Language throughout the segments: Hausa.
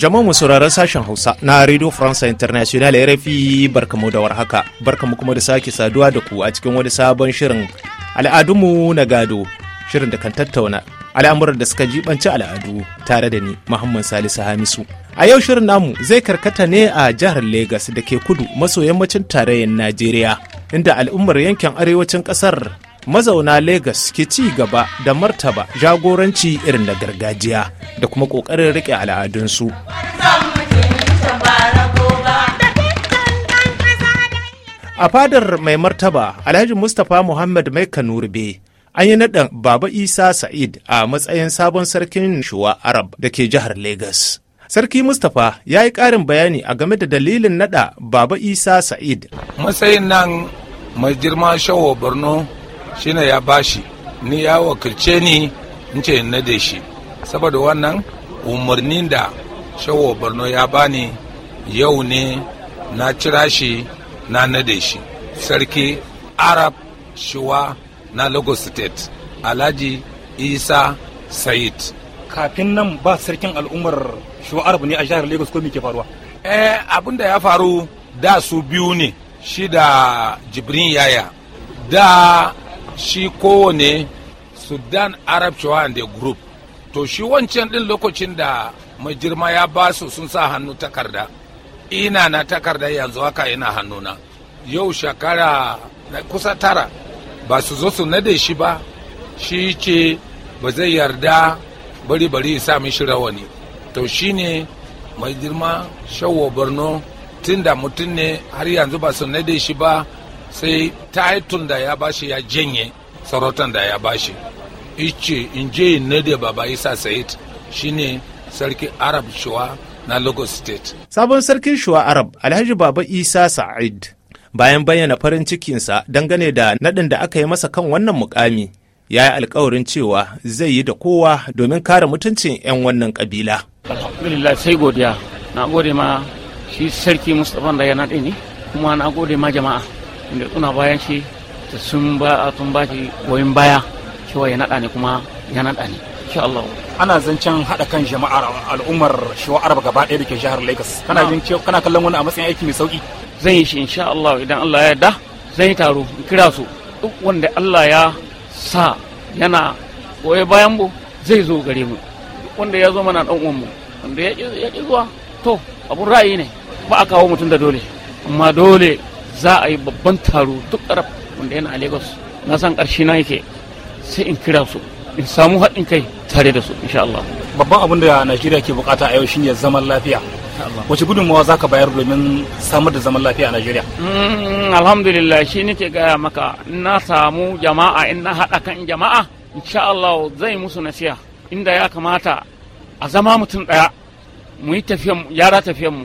Jama'a mu sauraron sashen Hausa na Radio France International RFI barkamu da warhaka. Barkamu kuma da sake saduwa da ku a cikin wani sabon shirin al'adunmu na gado. Shirin da kan tattauna al'amuran da suka jibanci al'adu tare da ni Muhammad Salisu Hamisu. A yau shirin namu zai karkata ne a jihar Legas da ke kudu maso yammacin tarayyar Najeriya inda al'ummar yankin arewacin kasar mazauna Legas ke ci gaba da martaba jagoranci irin na gargajiya da kuma ƙoƙarin riƙe al'adunsu. A fadar mai martaba Alhaji Mustapha Muhammad Mai Kanurbe an yi naɗin Baba Isa Sa'id a matsayin sabon sarkin Shuwa Arab da ke jihar Legas. Sarki Mustapha ya yi ƙarin bayani a game da dalilin naɗa Baba Isa Sa'id. Matsayin nan mai girma shawo Borno shine ya bashi ni ya wakilce ni in ce na da shi saboda wannan umarnin da shawo borno ya bani yau ne na cira shi na nade shi sarki arab shuwa na lagos state alhaji isa said kafin nan ba sarkin al'ummar shuwa arab ne a jihar lagos ko me ke faruwa eh abin da ya faru da su biyu ne shi da jibrin yaya da shi kowane sudan arab shawa group to shi wancan din lokacin da mai girma ya ba su sun sa hannu takarda ina na takarda yanzu haka ina hannuna yau shekara kusa tara ba su zo su nade shi ba shi ce ba zai yarda bari bari sa mishi rawani to shine mai girma shawo borno tun da mutum ne har yanzu ba su nade shi ba sai taitun da ya bashi ya janye sarautan da ya bashi ice in je na da baba isa said shine sarki arab shuwa na lagos state sabon sarkin shuwa arab alhaji baba isa sa'id bayan bayyana farin cikinsa dangane da naɗin da aka yi masa kan wannan mukami ya yi alkawarin cewa zai yi da kowa domin kare mutuncin 'yan wannan kabila. alhamdulillah sai godiya na gode ma shi sarki mustapha da yana ne kuma na gode ma jama'a inda suna bayan shi sun ba sun ba shi goyon baya cewa ya naɗa ne kuma ya naɗa ne insha Allah ana zancen haɗa kan jama'ar al'ummar shiwa arab gaba ɗaya da ke jihar Lagos kana jin cewa kana kallon wani a matsayin aiki mai sauki zan yi shi insha Allah idan Allah ya yarda zan yi taro in kira su duk wanda Allah ya sa yana goye bayan mu zai zo gare mu duk wanda ya zo mana dan uwan mu wanda ya ya zuwa to abun ra'ayi ne ba a kawo mutum da dole amma dole za a yi babban taro duk arab wanda yana a lagos na san ƙarshe na yake sai in kira su in samu haɗin kai tare da su insha Allah babban abin da Najeriya ke bukata a yau shine zaman lafiya wace gudunmawa zaka bayar domin samar da zaman lafiya a Najeriya mm, alhamdulillah shi nake gaya maka na samu jama'a in na haɗa kan jama'a insha Allah zai musu nasiha inda ya kamata a zama mutum ɗaya mu yi tafiyan yara tafiyan mu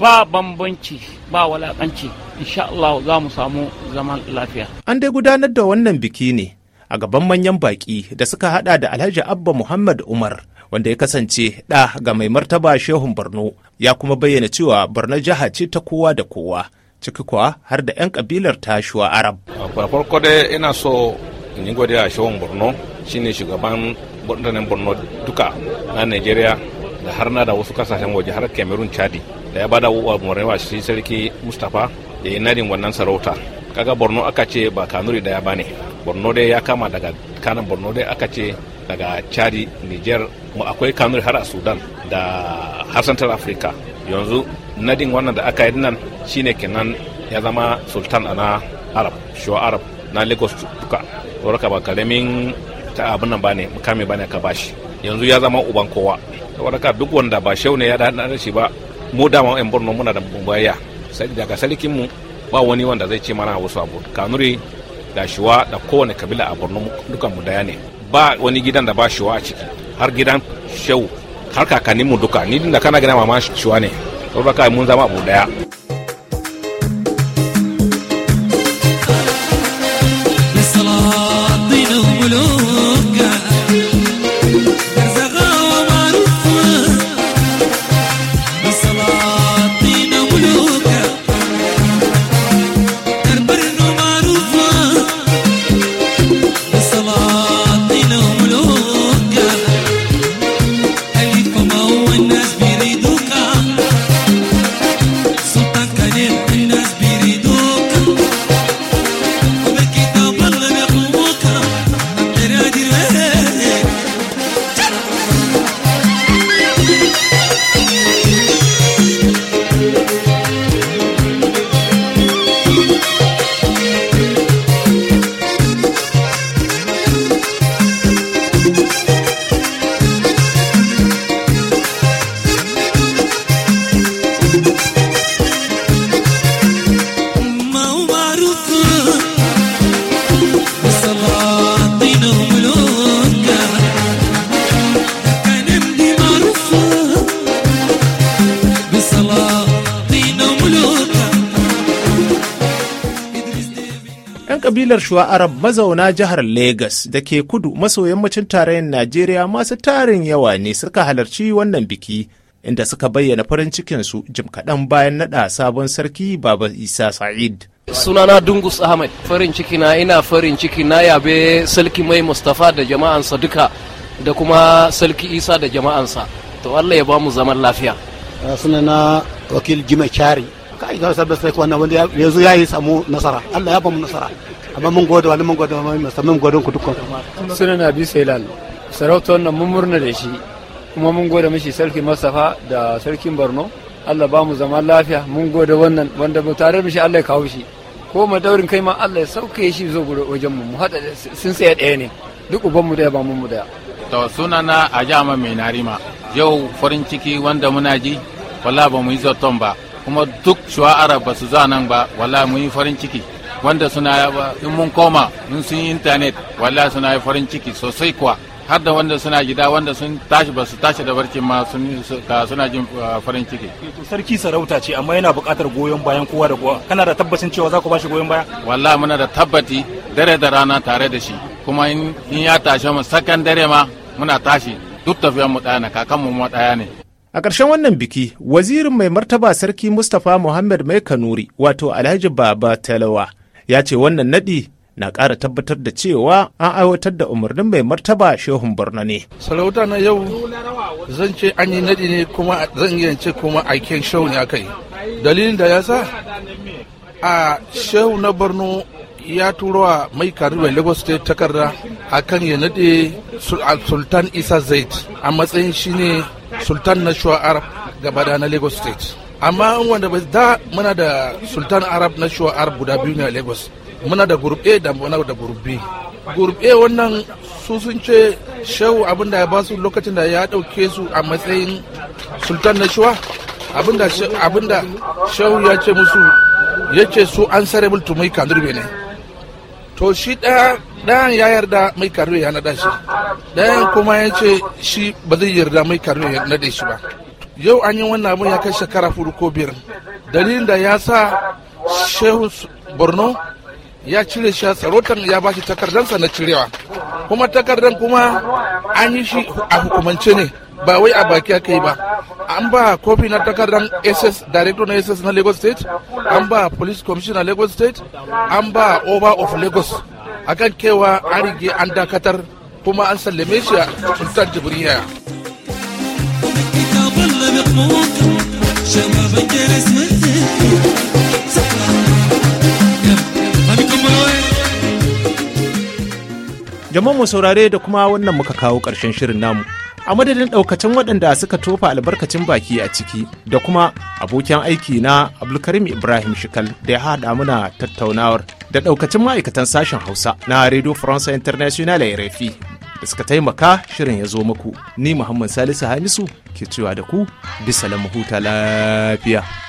ba bambanci ba walakanci insha Allah za mu samu zaman lafiya. An dai gudanar da wannan biki ne a gaban manyan baƙi da suka hada da Alhaji Abba Muhammad Umar wanda ya kasance ɗa ga mai martaba Shehun Borno ya kuma bayyana cewa Borno jiha ce ta kowa da kowa ciki kuwa har da 'yan kabilar tashuwa Arab. Farko dai ina so in yi godiya a Shehun Borno shine shugaban mutanen Borno duka na Najeriya da har na da wasu kasashen waje har Cameroon Chadi. da ya bada wa morewa shi sarki mustapha ya yi nadin wannan sarauta kaga borno aka ce ba kanuri daya ba ne borno dai ya kama daga kanan borno dai aka ce daga chadi niger mu akwai kanuri har a sudan da har central africa yanzu nadin wannan da aka yi nan shine kenan ya zama sultan a na arab shuwa arab na lagos duka sauraka ba karamin ta abin nan ba bane mukami ne ka bashi yanzu ya zama uban kowa sauraka duk wanda ba shau ne ya da shi ba mu dama yan borno muna da baya daga sarkin mu ba wani wanda zai ce mana wasu abu kanuri da shuwa da kowane kabila a borno dukan mu daya ne ba wani gidan da ba shuwa a ciki har gidan shehu har kakannin mu duka ni da kana gina mama shuwa ne saboda mun zama abu daya kabilar shuwa arab mazauna jihar Legas da ke kudu maso yammacin tarayyar Najeriya masu tarin yawa ne suka halarci wannan biki inda suka bayyana farin cikinsu jim kaɗan bayan naɗa sabon sarki Baba Isa Sa'id. sunana dungus ahmed farin ciki na ina farin ciki na yabe sarki mai mustafa da jama'ansa duka da kuma sarki isa da jama'ansa to allah ya ba mu zaman lafiya ah, sunana wakil jima'i Chari kai ga sabbin sai wannan wanda ya samu nasara allah ya ba mu nasara amma mun gode wani mun gode wani musamman godon ku dukkan suna na bi lal sarautar nan mun murna da shi kuma mun gode mishi sarki masafa da sarkin borno allah ba mu zama lafiya mun gode wannan wanda mu tare mishi allah ya kawo shi ko ma daurin kai ma allah ya sauke shi zo wajen mu mu hada sun tsaya ɗaya ne duk uban mu daya ba mun mu daya to sunana a jama mai narima yau farin ciki wanda muna ji wala ba mu yi zaton ba kuma duk shuwa arab ba su za nan ba wala mu yi farin ciki wanda suna in mun koma mun sun yi intanet walla suna yi farin ciki sosai kuwa har da wanda suna gida wanda sun tashi ba su tashi da barci ma suna jin uh, farin ciki. sarki sarauta ce amma yana buƙatar goyon bayan kowa da kowa kana da tabbacin cewa za ku ba shi goyon baya. walla muna da tabbati dare da rana tare da shi kuma in ya tashi mu sakan dare ma muna tashi duk tafiyan mu ɗaya na kakan mu ɗaya ne. A ƙarshen wannan biki, wazirin mai martaba Sarki Mustapha Muhammad Mai Kanuri, wato Alhaji Baba Talawa, ya ce wannan naɗi na ƙara tabbatar da cewa an aiwatar da umarnin mai martaba shehun borno ne. sarauta na yau zan ce an yi naɗi ne kuma zan iya ce kuma aiken shehu ne aka yi dalilin da ya sa a shehu na borno ya turo wa mai karuwa lagos state takarda a kan ya naɗe sultan isa zaid a matsayin shine sultan na shuwa arab gabada na lagos state amma in wanda ba da muna da sultan arab na shuwa arab guda biyu ne a lagos muna da group a da muna da group b group a wannan su sun ce shehu abin da ya ba su lokacin da ya dauke su a matsayin sultan na shuwa abin da shehu ya ce musu ya ce su an sare to mai kandurbe ne to shi ɗayan ya yarda mai kandurbe ya naɗa shi ɗayan kuma ya ce shi ba zai yarda mai kandurbe ya naɗe shi ba yau an yi wannan abin ya kai shekara hudu ko biyar dalilin da ya sa shehu borno ya cire shi sarautan ya ba shi takardansa na cirewa kuma takardan kuma an yi shi a hukumance ne ba wai a baki aka yi ba an ba kofi na takardan ss director na ss na lagos state an ba police commissioner lagos state an ba over of lagos akan kewa an rige an dakatar kuma an sallame shi a sultan jibriya mu saurare da kuma wannan muka kawo ƙarshen shirin namu a madadin ɗaukacin waɗanda suka tofa albarkacin baki a ciki da kuma abokin aiki na abdulkarim ibrahim shikal da ya haɗa muna tattaunawar da ɗaukacin ma'aikatan sashen hausa na radio france international rfi da suka taimaka shirin ya zo muku ni muhammad salisu hamisu ke cewa da ku bisa lamu huta lafiya